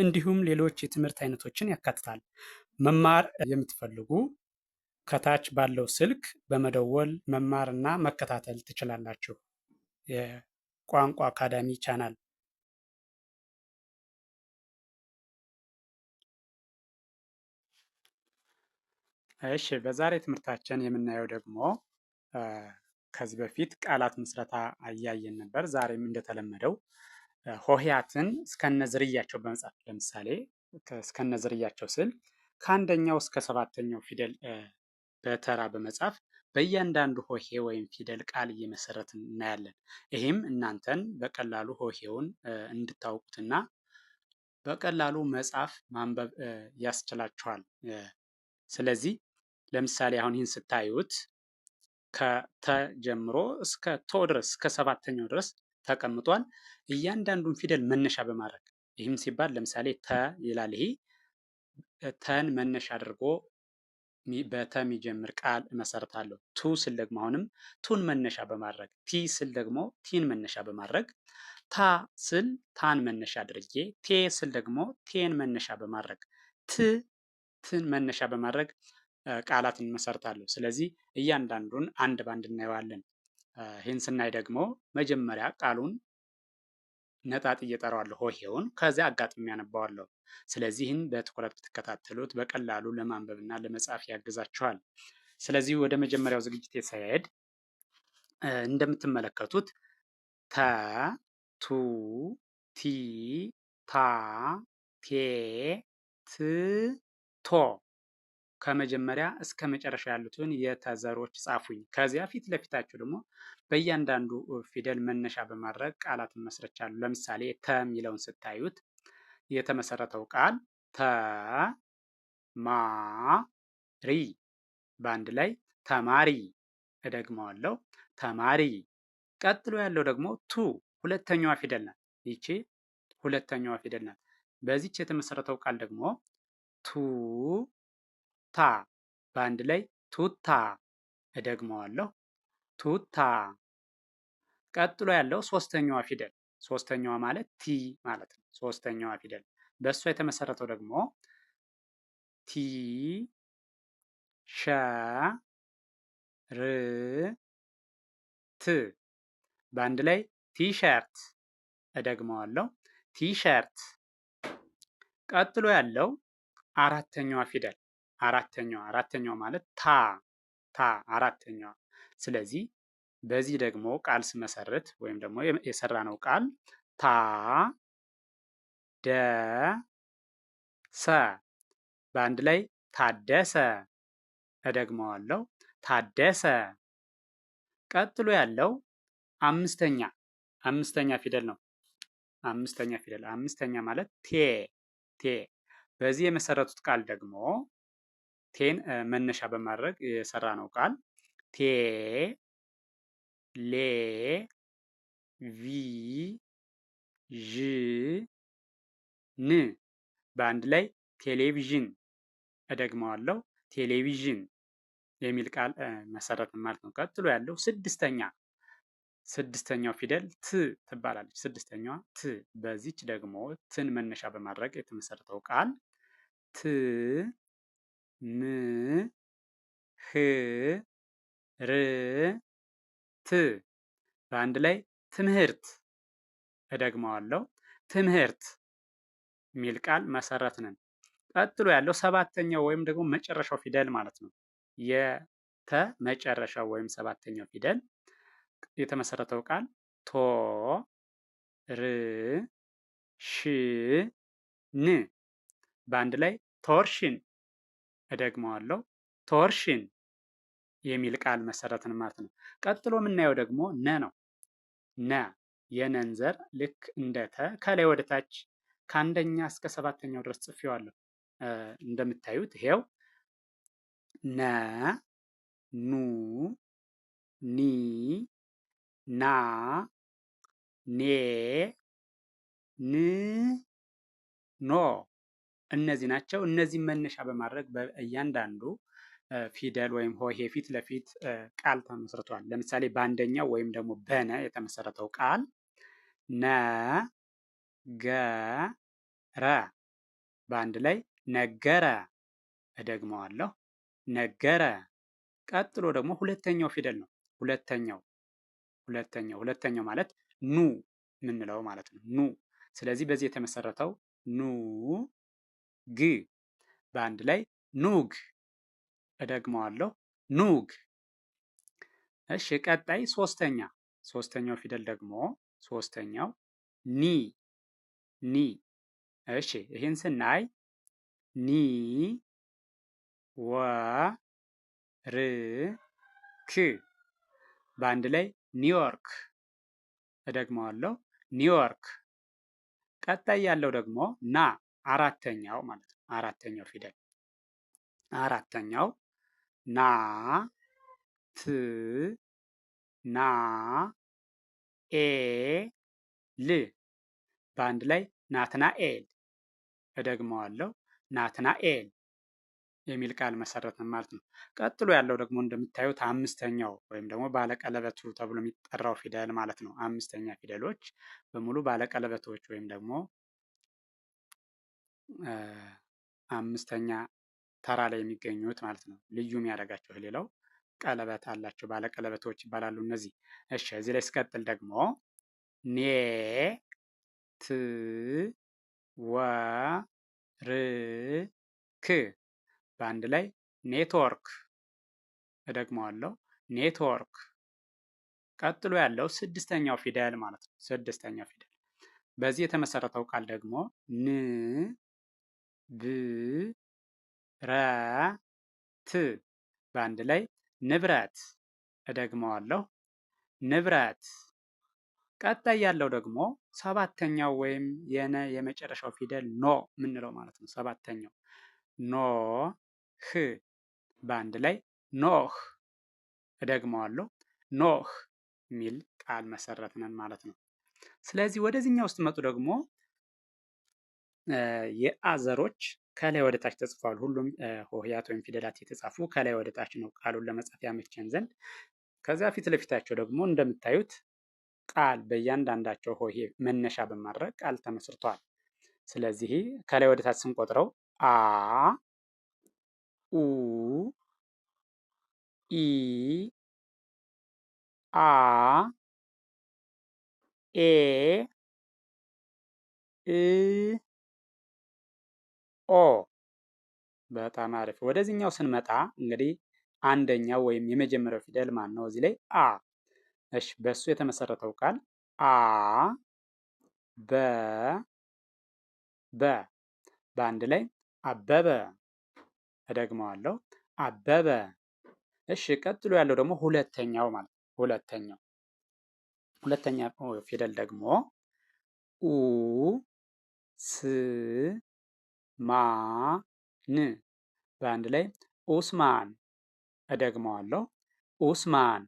እንዲሁም ሌሎች የትምህርት አይነቶችን ያካትታል። መማር የምትፈልጉ ከታች ባለው ስልክ በመደወል መማርና መከታተል ትችላላችሁ። የቋንቋ አካዳሚ ቻናል እሺ በዛሬ ትምህርታችን የምናየው ደግሞ ከዚህ በፊት ቃላት ምስረታ አያየን ነበር። ዛሬም እንደተለመደው ሆሄያትን እስከነዝርያቸው በመጽሐፍ ለምሳሌ እስከነዝርያቸው ስል ከአንደኛው እስከ ሰባተኛው ፊደል በተራ በመጻፍ በእያንዳንዱ ሆሄ ወይም ፊደል ቃል እየመሰረትን እናያለን። ይህም እናንተን በቀላሉ ሆሄውን እንድታውቁትና በቀላሉ መጻፍ ማንበብ ያስችላችኋል። ስለዚህ ለምሳሌ አሁን ይህን ስታዩት ከተ ጀምሮ እስከ ቶ ድረስ እስከ ሰባተኛው ድረስ ተቀምጧል። እያንዳንዱን ፊደል መነሻ በማድረግ ይህም ሲባል ለምሳሌ ተ ይላል። ይሄ ተን መነሻ አድርጎ በተ የሚጀምር ቃል እመሰርታለሁ። ቱ ስል ደግሞ አሁንም ቱን መነሻ በማድረግ ቲ ስል ደግሞ ቲን መነሻ በማድረግ ታ ስል ታን መነሻ አድርጌ ቴ ስል ደግሞ ቴን መነሻ በማድረግ ት ትን መነሻ በማድረግ ቃላትን እመሰርታለሁ። ስለዚህ እያንዳንዱን አንድ ባንድ እናየዋለን። ይህን ስናይ ደግሞ መጀመሪያ ቃሉን ነጣጥ እጠራዋለሁ ሆሄውን፣ ከዚያ አጋጥሚ ያነባዋለሁ። ስለዚህን በትኩረት ብትከታተሉት በቀላሉ ለማንበብና ለመጻፍ ያግዛችኋል። ስለዚህ ወደ መጀመሪያው ዝግጅት ሳይሄድ እንደምትመለከቱት ተ ቱ ቲ ታ ቴ ት ቶ ከመጀመሪያ እስከ መጨረሻ ያሉትን የተዘሮች ጻፉኝ። ከዚያ ፊት ለፊታችሁ ደግሞ በእያንዳንዱ ፊደል መነሻ በማድረግ ቃላትን መስረቻሉ። ለምሳሌ ተ የሚለውን ስታዩት የተመሰረተው ቃል ተ ማ ሪ በአንድ ላይ ተማሪ። እደግመዋለሁ፣ ተማሪ። ቀጥሎ ያለው ደግሞ ቱ ሁለተኛዋ ፊደል ናት። ይቺ ሁለተኛዋ ፊደል ናት። በዚች የተመሰረተው ቃል ደግሞ ቱ ቱታ በአንድ ላይ ቱታ። እደግመዋለሁ ቱታ። ቀጥሎ ያለው ሶስተኛዋ ፊደል ሶስተኛዋ ማለት ቲ ማለት ነው። ሶስተኛዋ ፊደል በእሷ የተመሰረተው ደግሞ ቲ ሸ ር ት በአንድ ላይ ቲሸርት። እደግመዋለሁ ቲሸርት። ቀጥሎ ያለው አራተኛዋ ፊደል አራተኛዋ አራተኛዋ ማለት ታ ታ አራተኛዋ። ስለዚህ በዚህ ደግሞ ቃል ስመሰርት ወይም ደግሞ የሰራ ነው ቃል ታ ደ ሰ በአንድ ላይ ታደሰ። እደግመዋለሁ ታደሰ። ቀጥሎ ያለው አምስተኛ አምስተኛ ፊደል ነው። አምስተኛ ፊደል አምስተኛ ማለት ቴ ቴ። በዚህ የመሰረቱት ቃል ደግሞ ቴን መነሻ በማድረግ የሰራ ነው ቃል ቴ ሌ ቪ ዥ ን በአንድ ላይ ቴሌቪዥን። እደግመዋለሁ ቴሌቪዥን የሚል ቃል መሰረት ማለት ነው። ቀጥሎ ያለው ስድስተኛ ስድስተኛው ፊደል ት ትባላለች። ስድስተኛዋ ት። በዚች ደግሞ ትን መነሻ በማድረግ የተመሰረተው ቃል ት ም ህ ር ት በአንድ ላይ ትምህርት። እደግመዋለሁ ትምህርት የሚል ቃል መሰረትንን። ቀጥሎ ያለው ሰባተኛው ወይም ደግሞ መጨረሻው ፊደል ማለት ነው። የተ መጨረሻው ወይም ሰባተኛው ፊደል የተመሰረተው ቃል ቶ ር ሽ ን በአንድ ላይ ቶርሽን እደግመዋለሁ ቶርሽን የሚል ቃል መሰረትን ማለት ነው። ቀጥሎ የምናየው ደግሞ ነ ነው። ነ የነንዘር ልክ እንደ ተ ከላይ ወደ ታች ከአንደኛ እስከ ሰባተኛው ድረስ ጽፌዋለሁ። እንደምታዩት ይሄው ነ፣ ኑ፣ ኒ፣ ና፣ ኔ፣ ን፣ ኖ እነዚህ ናቸው። እነዚህ መነሻ በማድረግ በእያንዳንዱ ፊደል ወይም ሆሄ ፊት ለፊት ቃል ተመስርቷል። ለምሳሌ በአንደኛው ወይም ደግሞ በነ የተመሰረተው ቃል ነገረ፣ በአንድ ላይ ነገረ። እደግመዋለሁ፣ ነገረ። ቀጥሎ ደግሞ ሁለተኛው ፊደል ነው። ሁለተኛው ሁለተኛው ሁለተኛው ማለት ኑ የምንለው ማለት ነው። ኑ። ስለዚህ በዚህ የተመሰረተው ኑ ግ በአንድ ላይ ኑግ። እደግመዋለሁ ኑግ። እሺ፣ ቀጣይ ሶስተኛ ሶስተኛው ፊደል ደግሞ ሶስተኛው ኒ ኒ። እሺ፣ ይህን ስናይ ኒ ወ ክ በአንድ ላይ ኒውዮርክ። እደግመዋለሁ ኒውዮርክ። ቀጣይ ያለው ደግሞ ና አራተኛው ማለት ነው። አራተኛው ፊደል አራተኛው ና ት ና ኤ ል በአንድ ላይ ናትና ኤል እደግመዋለሁ። ናትና ኤል የሚል ቃል መሰረትን ማለት ነው። ቀጥሎ ያለው ደግሞ እንደምታዩት አምስተኛው ወይም ደግሞ ባለቀለበቱ ተብሎ የሚጠራው ፊደል ማለት ነው። አምስተኛ ፊደሎች በሙሉ ባለቀለበቶች ወይም ደግሞ አምስተኛ ተራ ላይ የሚገኙት ማለት ነው። ልዩ የሚያደርጋቸው ሌላው ቀለበት አላቸው። ባለ ቀለበቶች ይባላሉ እነዚህ። እሺ እዚህ ላይ ስቀጥል ደግሞ ኔ ት ወ ር ክ በአንድ ላይ ኔትወርክ። እደግመዋለሁ ኔትወርክ። ቀጥሎ ያለው ስድስተኛው ፊደል ማለት ነው። ስድስተኛው ፊደል በዚህ የተመሰረተው ቃል ደግሞ ን ብረት በአንድ ላይ ንብረት። እደግመዋለሁ ንብረት። ቀጣይ ያለው ደግሞ ሰባተኛው ወይም የነ የመጨረሻው ፊደል ኖ የምንለው ማለት ነው። ሰባተኛው ኖ ህ በአንድ ላይ ኖህ። እደግመዋለሁ ኖህ የሚል ቃል መሰረትነን ማለት ነው። ስለዚህ ወደዚህኛው ስትመጡ ደግሞ የአዘሮች ከላይ ወደ ታች ተጽፏል። ሁሉም ሆሄያት ወይም ፊደላት የተጻፉ ከላይ ወደ ታች ነው፣ ቃሉን ለመጻፍ ያመቸን ዘንድ። ከዚያ ፊት ለፊታቸው ደግሞ እንደምታዩት ቃል በእያንዳንዳቸው ሆሄ መነሻ በማድረግ ቃል ተመስርቷል። ስለዚህ ከላይ ወደ ታች ስንቆጥረው አ ኡ ኢ አ ኤ እ ኦ በጣም አሪፍ። ወደዚህኛው ስንመጣ እንግዲህ አንደኛው ወይም የመጀመሪያው ፊደል ማን ነው? እዚህ ላይ አ። እሺ፣ በሱ የተመሰረተው ቃል አ በ በ በአንድ ላይ አበበ። እደግመዋለሁ፣ አበበ። እሺ፣ ቀጥሎ ያለው ደግሞ ሁለተኛው ማለት ነው። ሁለተኛው ሁለተኛ ፊደል ደግሞ ኡ ስ ማን በአንድ ላይ ኡስማን። እደግመዋለሁ ኡስማን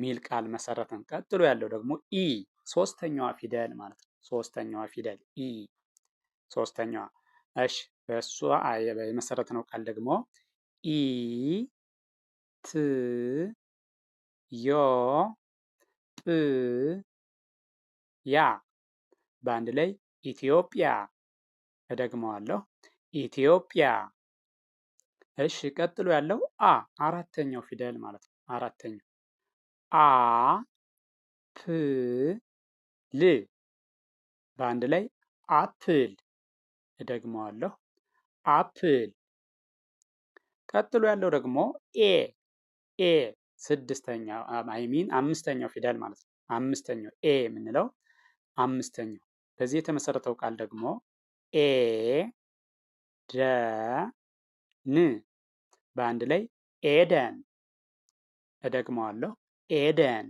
ሚል ቃል መሰረትን። ቀጥሎ ያለው ደግሞ ኢ ሶስተኛዋ ፊደል ማለት ነው። ሶስተኛዋ ፊደል ኢ ሶስተኛዋ። እሽ በእሷ የመሰረት ነው ቃል ደግሞ ኢ ት ዮ ጵ ያ በአንድ ላይ ኢትዮጵያ። እደግመዋለሁ ኢትዮጵያ። እሺ ቀጥሎ ያለው አ አራተኛው ፊደል ማለት ነው። አራተኛው አ ፕ ል በአንድ ላይ አፕል። እደግመዋለሁ አፕል። ቀጥሎ ያለው ደግሞ ኤ ኤ ስድስተኛው አይሚን አምስተኛው ፊደል ማለት ነው። አምስተኛው ኤ የምንለው አምስተኛው በዚህ የተመሰረተው ቃል ደግሞ ኤ ደን በአንድ ላይ ኤደን። እደግመዋለሁ ኤደን።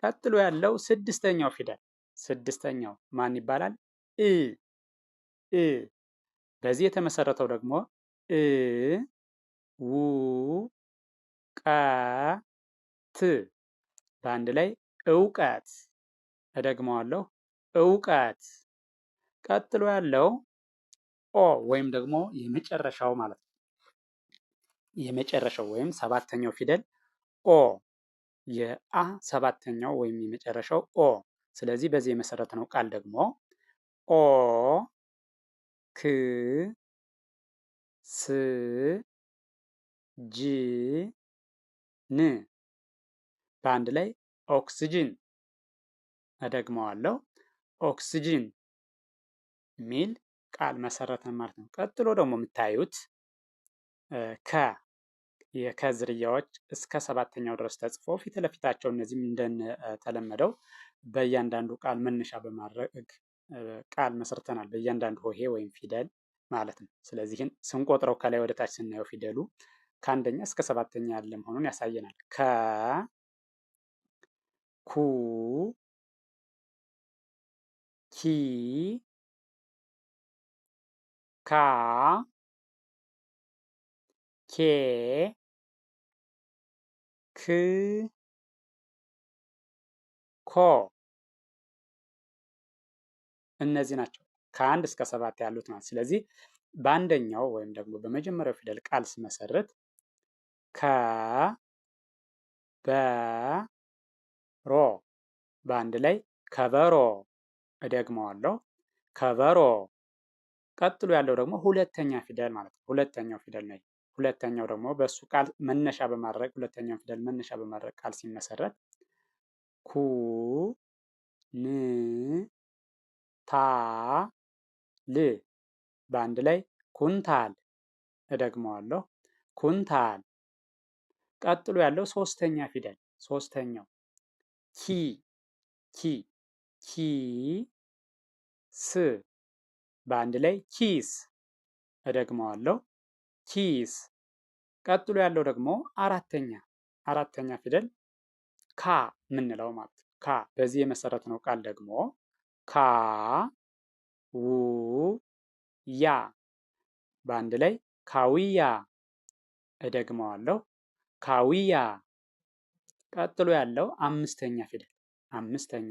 ቀጥሎ ያለው ስድስተኛው ፊደል ስድስተኛው ማን ይባላል? እ እ በዚህ የተመሰረተው ደግሞ እ ው ቀ ት በአንድ ላይ እውቀት። እደግመዋለሁ እውቀት። ቀጥሎ ያለው ኦ ወይም ደግሞ የመጨረሻው ማለት ነው። የመጨረሻው ወይም ሰባተኛው ፊደል ኦ፣ የአ ሰባተኛው ወይም የመጨረሻው ኦ። ስለዚህ በዚህ የመሰረት ነው ቃል ደግሞ ኦ ክ ስ ጂ ን በአንድ ላይ ኦክስጂን። እደግመዋለሁ ኦክስጂን ሚል ቃል መሰረት ማለት ነው። ቀጥሎ ደግሞ የምታዩት ከ የከ ዝርያዎች እስከ ሰባተኛው ድረስ ተጽፎ ፊት ለፊታቸው እነዚህም እንደተለመደው በእያንዳንዱ ቃል መነሻ በማድረግ ቃል መስርተናል። በእያንዳንዱ ሆሄ ወይም ፊደል ማለት ነው። ስለዚህን ስንቆጥረው ከላይ ወደ ታች ስናየው ፊደሉ ከአንደኛ እስከ ሰባተኛ ያለ መሆኑን ያሳየናል። ከ ኩ ኪ ካ ኬ ክ ኮ እነዚህ ናቸው ከአንድ እስከ ሰባት ያሉት ናት። ስለዚህ በአንደኛው ወይም ደግሞ በመጀመሪያው ፊደል ቃል ስመሰርት ከ ሮ በአንድ ላይ ከበሮ እደግመዋለሁ ከበሮ ቀጥሎ ያለው ደግሞ ሁለተኛ ፊደል ማለት ነው። ሁለተኛው ፊደል ነው። ሁለተኛው ደግሞ በእሱ ቃል መነሻ በማድረግ ሁለተኛው ፊደል መነሻ በማድረግ ቃል ሲመሰረት ኩ ን ታ ል በአንድ ላይ ኩንታል። እደግመዋለሁ ኩንታል። ቀጥሎ ያለው ሶስተኛ ፊደል ሶስተኛው ኪ ኪ ኪ ስ በአንድ ላይ ኪስ። እደግመዋለሁ ኪስ። ቀጥሎ ያለው ደግሞ አራተኛ አራተኛ ፊደል ካ የምንለው ማለት ነው። ካ በዚህ የመሰረት ነው ቃል ደግሞ ካ ው ያ በአንድ ላይ ካዊያ። እደግመዋለሁ ካዊያ። ቀጥሎ ያለው አምስተኛ ፊደል አምስተኛ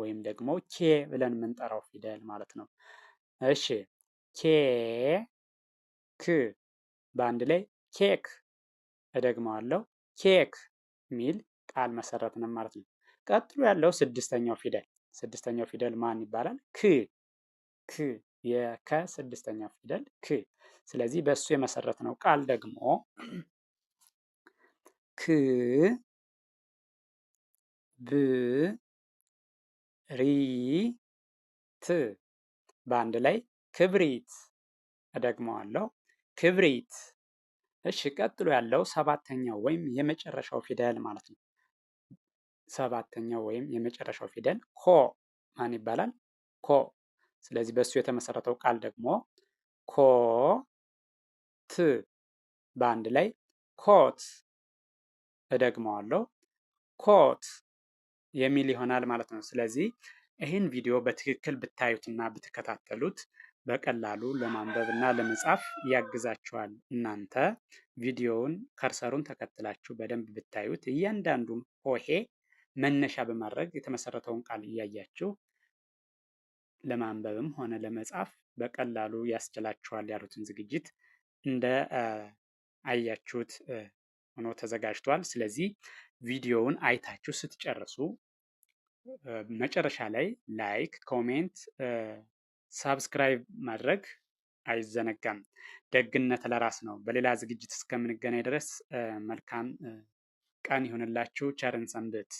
ወይም ደግሞ ኬ ብለን የምንጠራው ፊደል ማለት ነው። እሺ ኬክ በአንድ ላይ ኬክ እደግመዋለሁ ኬክ የሚል ቃል መሰረትንም ማለት ነው። ቀጥሎ ያለው ስድስተኛው ፊደል ስድስተኛው ፊደል ማን ይባላል? ክ ክ የከ ስድስተኛው ፊደል ክ። ስለዚህ በእሱ የመሰረት ነው ቃል ደግሞ ክ ብ ሪ ት በአንድ ላይ ክብሪት። እደግመዋለሁ፣ ክብሪት። እሺ፣ ቀጥሎ ያለው ሰባተኛው ወይም የመጨረሻው ፊደል ማለት ነው። ሰባተኛው ወይም የመጨረሻው ፊደል ኮ ማን ይባላል? ኮ። ስለዚህ በእሱ የተመሰረተው ቃል ደግሞ ኮ ት በአንድ ላይ ኮት። እደግመዋለሁ፣ ኮት የሚል ይሆናል ማለት ነው። ስለዚህ ይህን ቪዲዮ በትክክል ብታዩትና ብትከታተሉት በቀላሉ ለማንበብ እና ለመጻፍ ያግዛችኋል። እናንተ ቪዲዮውን ከርሰሩን ተከትላችሁ በደንብ ብታዩት እያንዳንዱን ሆሄ መነሻ በማድረግ የተመሰረተውን ቃል እያያችሁ ለማንበብም ሆነ ለመጻፍ በቀላሉ ያስችላችኋል ያሉትን ዝግጅት እንደ አያችሁት ሆኖ ተዘጋጅቷል። ስለዚህ ቪዲዮውን አይታችሁ ስትጨርሱ መጨረሻ ላይ ላይክ፣ ኮሜንት፣ ሳብስክራይብ ማድረግ አይዘነጋም። ደግነት ለራስ ነው። በሌላ ዝግጅት እስከምንገናኝ ድረስ መልካም ቀን ይሁንላችሁ። ቸርን ሰንብት።